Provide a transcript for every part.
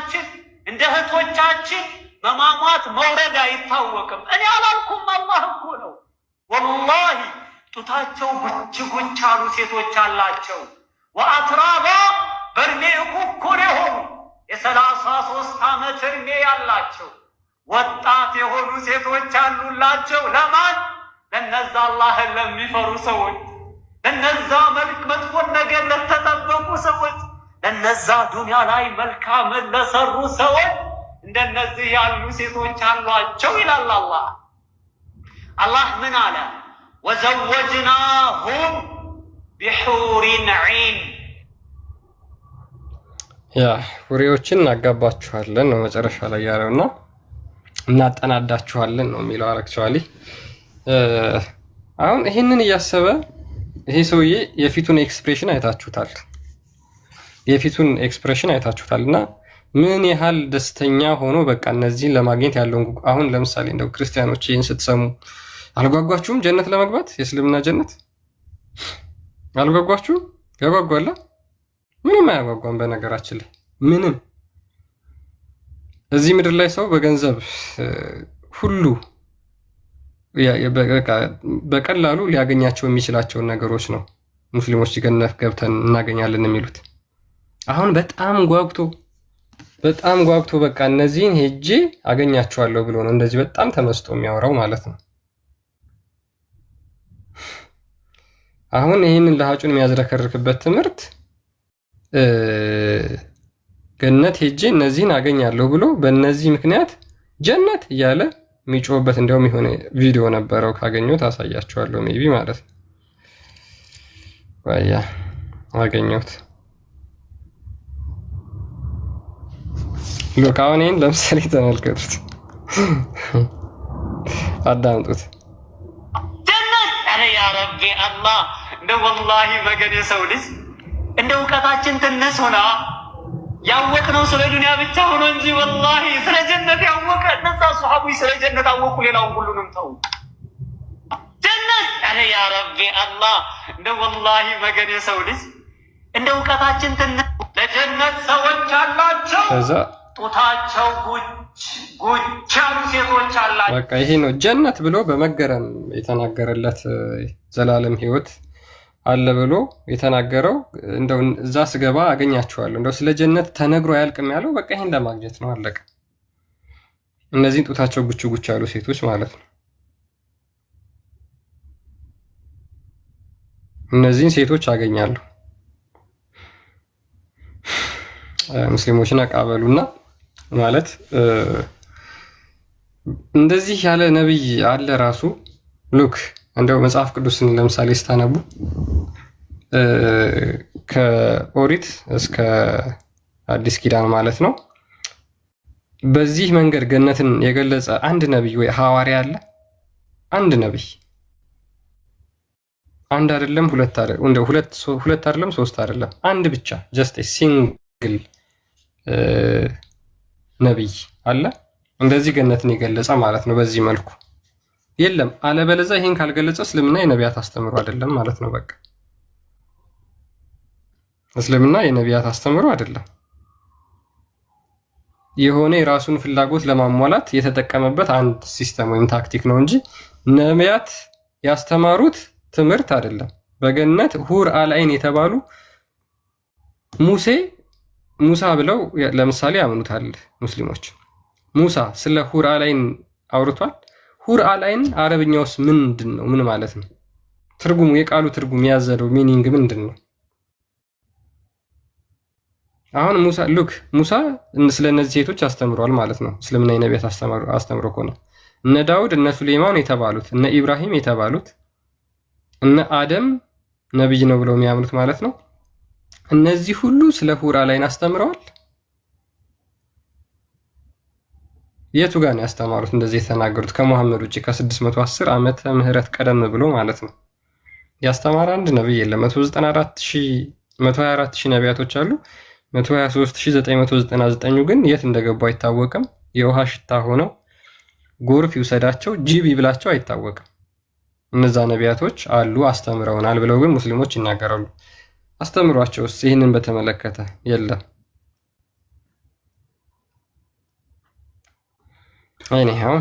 ወንድሞቻችን እንደ እህቶቻችን በማሟት መውረድ አይታወቅም። እኔ አላልኩም፣ አላህ እኮ ነው። ወላሂ ጡታቸው ጉች አሉ ሴቶች አላቸው። ወአትራባ በእድሜ እኩኩር የሆኑ የሰላሳ ሶስት ዓመት እድሜ ያላቸው ወጣት የሆኑ ሴቶች አሉላቸው። ለማን? ለነዛ አላህን ለሚፈሩ ሰዎች፣ ለነዛ መልክ መጥፎን ነገር ለተጠበቁ ሰዎች እነዛ ዱንያ ላይ መልካም ለሰሩ ሰዎች እንደነዚህ ያሉ ሴቶች አሏቸው ይላል አላህ። አላህ ምን አለ? ወዘወጅናሁም ቢሑሪን ዒን ያ ሁሪዎችን እናጋባችኋለን ነው መጨረሻ ላይ ያለውና እናጠናዳችኋለን ነው የሚለው። አረክቸዋሊ አሁን ይህንን እያሰበ ይሄ ሰውዬ የፊቱን ኤክስፕሬሽን አይታችሁታል። የፊቱን ኤክስፕሬሽን አይታችሁታል እና ምን ያህል ደስተኛ ሆኖ በቃ እነዚህን ለማግኘት ያለውን አሁን ለምሳሌ እንደው ክርስቲያኖች ይህን ስትሰሙ አልጓጓችሁም? ጀነት ለመግባት የእስልምና ጀነት አልጓጓችሁም? ያጓጓላ? ምንም አያጓጓም። በነገራችን ላይ ምንም እዚህ ምድር ላይ ሰው በገንዘብ ሁሉ በቀላሉ ሊያገኛቸው የሚችላቸውን ነገሮች ነው ሙስሊሞች ገነት ገብተን እናገኛለን የሚሉት አሁን በጣም ጓጉቶ በጣም ጓጉቶ በቃ እነዚህን ሄጄ አገኛቸዋለሁ ብሎ ነው እንደዚህ በጣም ተመስጦ የሚያወራው ማለት ነው። አሁን ይህንን ለሀጩን የሚያዝረከርክበት ትምህርት ገነት ሄጄ እነዚህን አገኛለሁ ብሎ በእነዚህ ምክንያት ጀነት እያለ የሚጮህበት እንዲያውም የሆነ ቪዲዮ ነበረው ካገኘሁት አሳያቸዋለሁ ሜቢ ማለት ነው። ዋያ አገኘሁት። ሎክ አሁን ይህን ለምሳሌ ተመልከቱት፣ አዳምጡት። ጀነት ኧረ አላህ እንደ ወላሂ መገን የሰው ልጅ እንደ እውቀታችን ትንስ ሆና ያወቅነው ስለ ዱኒያ ብቻ ሆኖ እንጂ ወላሂ ስለ ጀነት ያወቀ እነዛ ሰሓቦች ስለ ጀነት አወቁ፣ ሌላውን ሁሉንም ተው። ጀነት ያ ረቢ አላህ እንደ ወላሂ መገን የሰው ልጅ እንደ እውቀታችን ትንስ ለጀነት ሰዎች አላቸው ጡታቸው ጉች ያሉ ሴቶች አላቸው። በቃ ይሄ ነው ጀነት ብሎ በመገረም የተናገረለት ዘላለም ህይወት አለ ብሎ የተናገረው እንደው እዛ ስገባ አገኛችኋለሁ እንደው ስለ ጀነት ተነግሮ አያልቅም ያለው በቃ ይህን ለማግኘት ነው። አለቀ። እነዚህን ጡታቸው ጉች ጉች ያሉ ሴቶች ማለት ነው። እነዚህን ሴቶች አገኛለሁ። ሙስሊሞችን አቃበሉና ማለት እንደዚህ ያለ ነቢይ አለ ራሱ ሉክ እንደው መጽሐፍ ቅዱስን ለምሳሌ ስታነቡ ከኦሪት እስከ አዲስ ኪዳን ማለት ነው። በዚህ መንገድ ገነትን የገለጸ አንድ ነቢይ ወይ ሐዋርያ አለ? አንድ ነቢይ አንድ አይደለም፣ ሁለት አይደለም፣ ሁለት አይደለም፣ ሶስት አይደለም፣ አንድ ብቻ ጀስት ሲንግል ነቢይ አለ? እንደዚህ ገነትን የገለጸ ማለት ነው። በዚህ መልኩ የለም። አለበለዚያ ይህን ካልገለጸ እስልምና የነቢያት አስተምሮ አይደለም ማለት ነው። በቃ እስልምና የነቢያት አስተምሮ አይደለም። የሆነ የራሱን ፍላጎት ለማሟላት የተጠቀመበት አንድ ሲስተም ወይም ታክቲክ ነው እንጂ ነቢያት ያስተማሩት ትምህርት አይደለም። በገነት ሁር አልአይን የተባሉ ሙሴ ሙሳ ብለው ለምሳሌ ያምኑታል ሙስሊሞች። ሙሳ ስለ ሁር አውርቷል። ሁርአላይን አላይን አረብኛ ውስጥ ምንድን ነው? ምን ማለት ነው? ትርጉሙ የቃሉ ትርጉም ያዘለው ሚኒንግ ምንድን ነው? አሁን ሙሳ ሉክ ሙሳ ስለ እነዚህ ሴቶች አስተምሯል ማለት ነው። እስልምና የነቢያት አስተምሮ ከሆነ እነ ዳውድ እነ ሱሌማን የተባሉት እነ ኢብራሂም የተባሉት እነ አደም ነብይ ነው ብለው የሚያምኑት ማለት ነው እነዚህ ሁሉ ስለ ሁራ ላይን አስተምረዋል። የቱ ጋር ነው ያስተማሩት? እንደዚህ የተናገሩት ከሙሐመድ ውጭ ከ610 ዓመተ ምህረት ቀደም ብሎ ማለት ነው። ያስተማረ አንድ ነብይ የለም። 124 ሺህ ነቢያቶች አሉ። 123999 ግን የት እንደገቡ አይታወቅም። የውሃ ሽታ ሆነው ጎርፍ ይውሰዳቸው ጅብ ይብላቸው አይታወቅም። እነዛ ነቢያቶች አሉ አስተምረውናል ብለው ግን ሙስሊሞች ይናገራሉ። አስተምሯቸውስ ይህንን በተመለከተ የለም።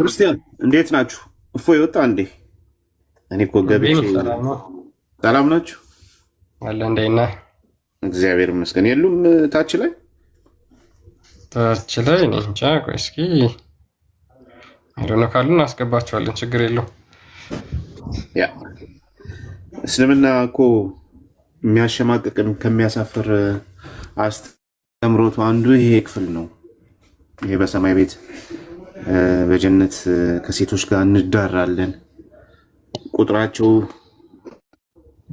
ክርስቲያን እንዴት ናችሁ? እፎ የወጣ እንዴ? እኔ እኮ ገብቼ ሰላም ናችሁ አለ እንደና እግዚአብሔር ይመስገን። የሉም ታች ላይ ታች ላይ እኔ እንጃ። ቆይ እስኪ ካሉ እናስገባቸዋለን። ችግር የለው። ያ እስልምና እኮ የሚያሸማቅቅም ከሚያሳፍር አስተምሮቱ አንዱ ይሄ ክፍል ነው። ይሄ በሰማይ ቤት በጀነት ከሴቶች ጋር እንዳራለን፣ ቁጥራቸው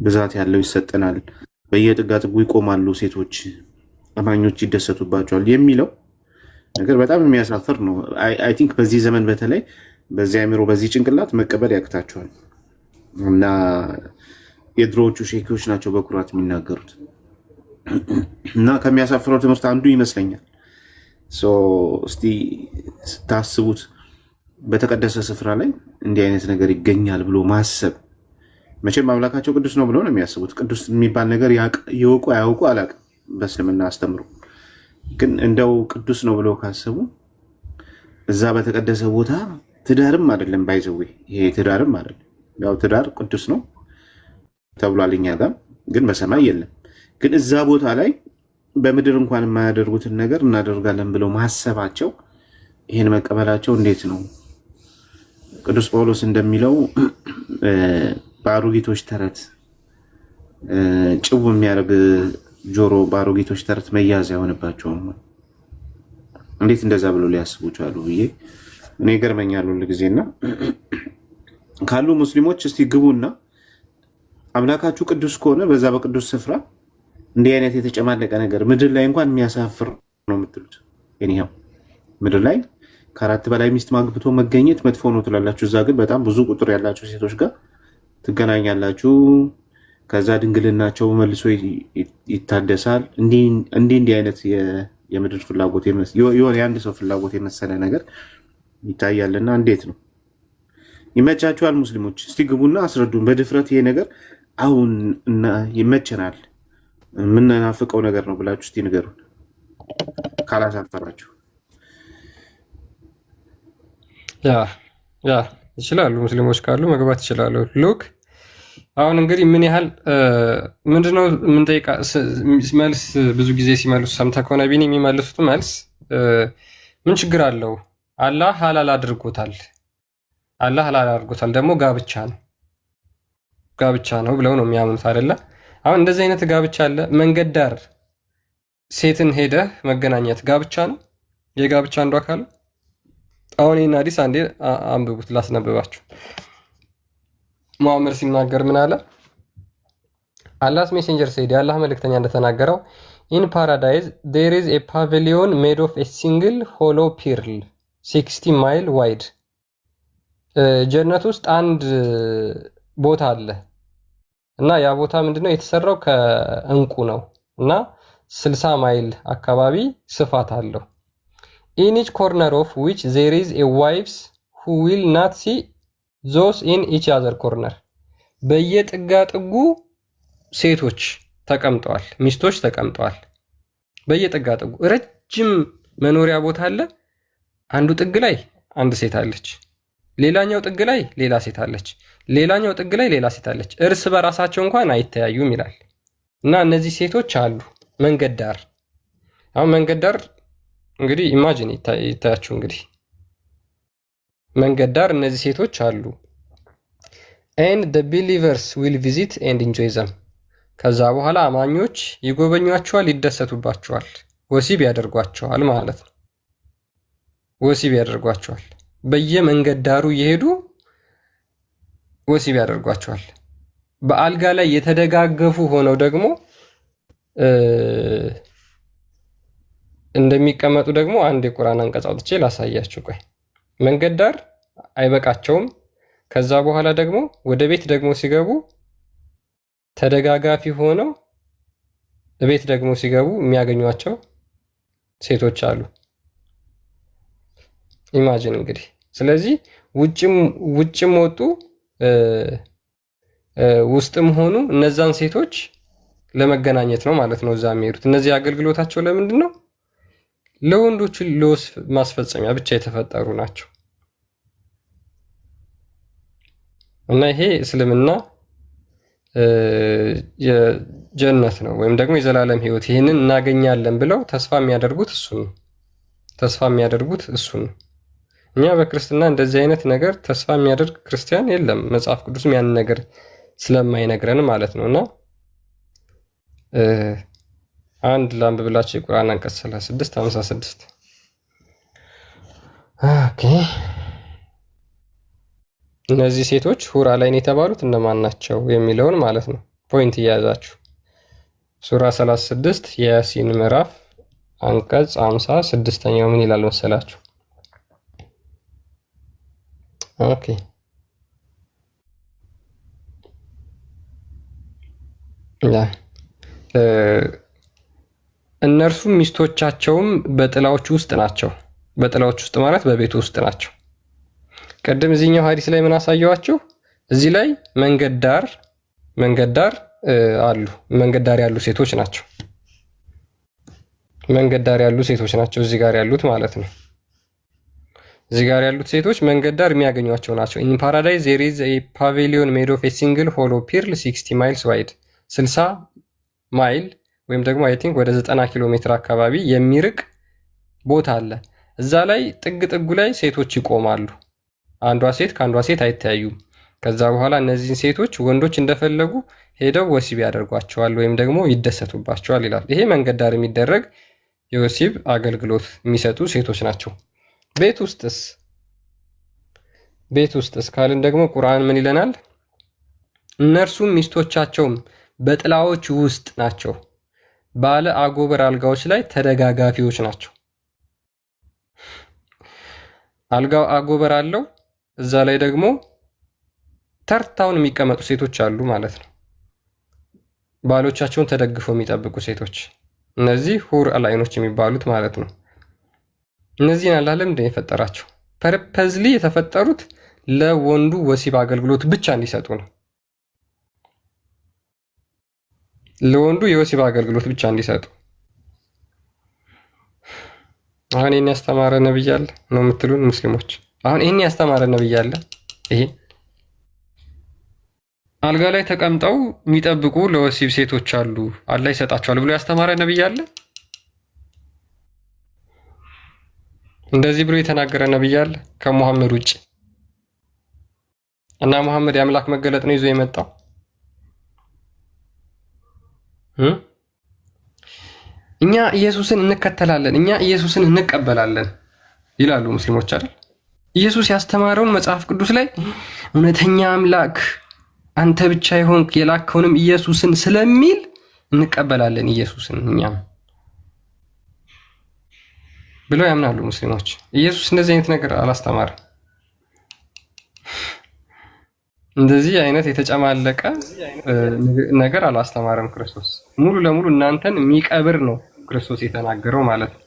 ብዛት ያለው ይሰጠናል፣ በየጥጋ ጥጉ ይቆማሉ፣ ሴቶች አማኞች ይደሰቱባቸዋል የሚለው ነገር በጣም የሚያሳፍር ነው። አይ ቲንክ በዚህ ዘመን በተለይ በዚህ አእምሮ በዚህ ጭንቅላት መቀበል ያቅታቸዋል እና የድሮዎቹ ሼኪዎች ናቸው በኩራት የሚናገሩት እና ከሚያሳፍረው ትምህርት አንዱ ይመስለኛል። እስቲ ስታስቡት በተቀደሰ ስፍራ ላይ እንዲህ አይነት ነገር ይገኛል ብሎ ማሰብ መቼም አምላካቸው ቅዱስ ነው ብሎ ነው የሚያስቡት። ቅዱስ የሚባል ነገር የወቁ አያውቁ አላውቅም። በእስልምና አስተምሮ ግን እንደው ቅዱስ ነው ብሎ ካሰቡ እዛ በተቀደሰ ቦታ ትዳርም አይደለም ባይዘዌ ይሄ ትዳርም አይደለም። ያው ትዳር ቅዱስ ነው ተብሏል። እኛ ጋር ግን በሰማይ የለም። ግን እዛ ቦታ ላይ በምድር እንኳን የማያደርጉትን ነገር እናደርጋለን ብለው ማሰባቸው ይህን መቀበላቸው እንዴት ነው? ቅዱስ ጳውሎስ እንደሚለው በአሮጊቶች ተረት ጭው የሚያደርግ ጆሮ በአሮጊቶች ተረት መያዝ አይሆንባቸውም። እንዴት እንደዛ ብሎ ሊያስቡ ቻሉ ብዬ እኔ ገርመኛሉ ሁልጊዜና ካሉ ሙስሊሞች እስቲ ግቡና አምላካችሁ ቅዱስ ከሆነ በዛ በቅዱስ ስፍራ እንዲህ አይነት የተጨማለቀ ነገር ምድር ላይ እንኳን የሚያሳፍር ነው የምትሉት። ኒው ምድር ላይ ከአራት በላይ ሚስት ማግብቶ መገኘት መጥፎ ነው ትላላችሁ። እዛ ግን በጣም ብዙ ቁጥር ያላቸው ሴቶች ጋር ትገናኛላችሁ። ከዛ ድንግልናቸው መልሶ ይታደሳል። እንዲህ እንዲህ አይነት የምድር ፍላጎት የሆነ የአንድ ሰው ፍላጎት የመሰለ ነገር ይታያልና እንዴት ነው? ይመቻችኋል። ሙስሊሞች እስቲ ግቡና አስረዱን በድፍረት ይሄ ነገር አሁን ይመቸናል የምንናፍቀው ነገር ነው ብላችሁ እስኪ ንገሩን ካላሳፈራችሁ። ያ ያ ይችላሉ፣ ሙስሊሞች ካሉ መግባት ይችላሉ። ሉክ አሁን እንግዲህ ምን ያህል ምንድነው ምንጠይቃ መልስ ብዙ ጊዜ ሲመልሱ ሰምተ ከሆነ ቢን የሚመልሱት መልስ ምን ችግር አለው? አላህ ሀላል አድርጎታል። አላህ ሀላል አድርጎታል ደግሞ ጋብቻ ነው ጋብቻ ነው ብለው ነው የሚያምኑት አይደለ? አሁን እንደዚህ አይነት ጋብቻ አለ። መንገድ ዳር ሴትን ሄደ መገናኘት ጋብቻ ነው? የጋብቻ አንዱ አካል አሁን ይህን አዲስ አንዴ አንብቡት ላስነብባችሁ። መዋምር ሲናገር ምን አለ? አላስ ሜሴንጀር ሴድ የአላህ መልእክተኛ እንደተናገረው ኢን ፓራዳይዝ ዴር ኢዝ ኤ ፓቪሊዮን ሜድ ኦፍ ኤ ሲንግል ሆሎ ፒርል ሲክስቲ ማይል ዋይድ ጀነት ውስጥ አንድ ቦታ አለ እና ያ ቦታ ምንድነው የተሰራው ከእንቁ ነው እና 60 ማይል አካባቢ ስፋት አለው። ኢን ኢች ኮርነር ኦፍ ዊች ዜር ኢዝ ኤ ዋይብስ ሁ ዊል ናት ሲ ዞስ ኢን ኢች አዘር ኮርነር በየጥጋ ጥጉ ሴቶች ተቀምጠዋል፣ ሚስቶች ተቀምጠዋል። በየጥጋ ጥጉ ረጅም መኖሪያ ቦታ አለ። አንዱ ጥግ ላይ አንድ ሴት አለች፣ ሌላኛው ጥግ ላይ ሌላ ሴት አለች። ሌላኛው ጥግ ላይ ሌላ ሴት አለች። እርስ በራሳቸው እንኳን አይተያዩም ይላል እና እነዚህ ሴቶች አሉ መንገድ ዳር። አሁን መንገድ ዳር እንግዲህ ኢማጂን ይታያችሁ እንግዲህ መንገድ ዳር እነዚህ ሴቶች አሉ። ኤንድ ደ ቢሊቨርስ ዊል ቪዚት ኤንድ ኢንጆይ ዘም ከዛ በኋላ አማኞች ይጎበኟቸዋል፣ ይደሰቱባቸዋል፣ ወሲብ ያደርጓቸዋል ማለት ነው። ወሲብ ያደርጓቸዋል በየመንገድ ዳሩ እየሄዱ ወሲብ ያደርጓቸዋል። በአልጋ ላይ የተደጋገፉ ሆነው ደግሞ እንደሚቀመጡ ደግሞ አንድ የቁርአን አንቀጽ አውጥቼ ላሳያችሁ። ቆይ መንገድ ዳር አይበቃቸውም። ከዛ በኋላ ደግሞ ወደ ቤት ደግሞ ሲገቡ ተደጋጋፊ ሆነው ቤት ደግሞ ሲገቡ የሚያገኟቸው ሴቶች አሉ። ኢማጂን እንግዲህ። ስለዚህ ውጭም ውጭም ወጡ ውስጥም ሆኑ እነዛን ሴቶች ለመገናኘት ነው ማለት ነው እዛ የሚሄዱት። እነዚህ አገልግሎታቸው ለምንድን ነው? ለወንዶቹ ለወስ ማስፈጸሚያ ብቻ የተፈጠሩ ናቸው። እና ይሄ እስልምና የጀነት ነው ወይም ደግሞ የዘላለም ሕይወት ይህንን እናገኛለን ብለው ተስፋ የሚያደርጉት እሱን ነው። ተስፋ የሚያደርጉት እሱን ነው። እኛ በክርስትና እንደዚህ አይነት ነገር ተስፋ የሚያደርግ ክርስቲያን የለም። መጽሐፍ ቅዱስም ያን ነገር ስለማይነግረን ማለት ነው። እና አንድ ላንብብላችሁ የቁርአን አንቀጽ 36 56 ኦኬ። እነዚህ ሴቶች ሁራ ላይን የተባሉት እነማን ናቸው የሚለውን ማለት ነው። ፖይንት እያያዛችሁ ሱራ 36 የያሲን ምዕራፍ አንቀጽ 50 ስድስተኛው ምን ይላል መሰላችሁ? Ah, ok. እነርሱም ሚስቶቻቸውም በጥላዎች ውስጥ ናቸው። በጥላዎች ውስጥ ማለት በቤቱ ውስጥ ናቸው። ቅድም እዚህኛው ሀዲስ ላይ ምን አሳየዋችሁ? እዚህ ላይ መንገድ ዳር መንገድ ዳር አሉ መንገድ ዳር ያሉ ሴቶች ናቸው። መንገድ ዳር ያሉ ሴቶች ናቸው እዚህ ጋር ያሉት ማለት ነው። እዚህ ጋር ያሉት ሴቶች መንገድ ዳር የሚያገኟቸው ናቸው። ኢን ፓራዳይዝ ዜር ኢዝ ኤ ፓቪሊዮን ሜድ ኦፍ ኤ ሲንግል ሆሎ ፒርል 60 ማይልስ ዋይድ 60 ማይል ወይም ደግሞ አይ ቲንክ ወደ 90 ኪሎ ሜትር አካባቢ የሚርቅ ቦታ አለ። እዛ ላይ ጥግ ጥጉ ላይ ሴቶች ይቆማሉ። አንዷ ሴት ከአንዷ ሴት አይተያዩም። ከዛ በኋላ እነዚህን ሴቶች ወንዶች እንደፈለጉ ሄደው ወሲብ ያደርጓቸዋል ወይም ደግሞ ይደሰቱባቸዋል ይላል። ይሄ መንገድ ዳር የሚደረግ የወሲብ አገልግሎት የሚሰጡ ሴቶች ናቸው። ቤት ውስጥስ ቤት ውስጥስ ካልን ደግሞ ቁርአን ምን ይለናል? እነርሱም ሚስቶቻቸውም በጥላዎች ውስጥ ናቸው፣ ባለ አጎበር አልጋዎች ላይ ተደጋጋፊዎች ናቸው። አልጋው አጎበር አለው፣ እዛ ላይ ደግሞ ተርታውን የሚቀመጡ ሴቶች አሉ ማለት ነው። ባሎቻቸውን ተደግፈው የሚጠብቁ ሴቶች እነዚህ ሁር አላይኖች የሚባሉት ማለት ነው። እነዚህን አላህ ለምንድን የፈጠራቸው? ፐርፐዝሊ የተፈጠሩት ለወንዱ ወሲብ አገልግሎት ብቻ እንዲሰጡ ነው። ለወንዱ የወሲብ አገልግሎት ብቻ እንዲሰጡ። አሁን ይህን ያስተማረ ነብይ አለ ነው የምትሉን ሙስሊሞች? አሁን ይህን ያስተማረ ነብይ አለ? አልጋ ላይ ተቀምጠው የሚጠብቁ ለወሲብ ሴቶች አሉ አላህ ይሰጣቸዋል ብሎ ያስተማረ ነብይ አለ? እንደዚህ ብሎ የተናገረ ነብይ አለ ከሙሐመድ ውጭ? እና ሙሐመድ የአምላክ መገለጥ ነው ይዞ የመጣው። እኛ ኢየሱስን እንከተላለን፣ እኛ ኢየሱስን እንቀበላለን ይላሉ ሙስሊሞች አይደል? ኢየሱስ ያስተማረውን መጽሐፍ ቅዱስ ላይ እውነተኛ አምላክ አንተ ብቻ ይሆን የላከውንም ኢየሱስን ስለሚል እንቀበላለን። ኢየሱስን እኛም ብለው ያምናሉ ሙስሊሞች። ኢየሱስ እንደዚህ አይነት ነገር አላስተማርም። እንደዚህ አይነት የተጨማለቀ ነገር አላስተማረም ክርስቶስ። ሙሉ ለሙሉ እናንተን የሚቀብር ነው ክርስቶስ የተናገረው ማለት ነው።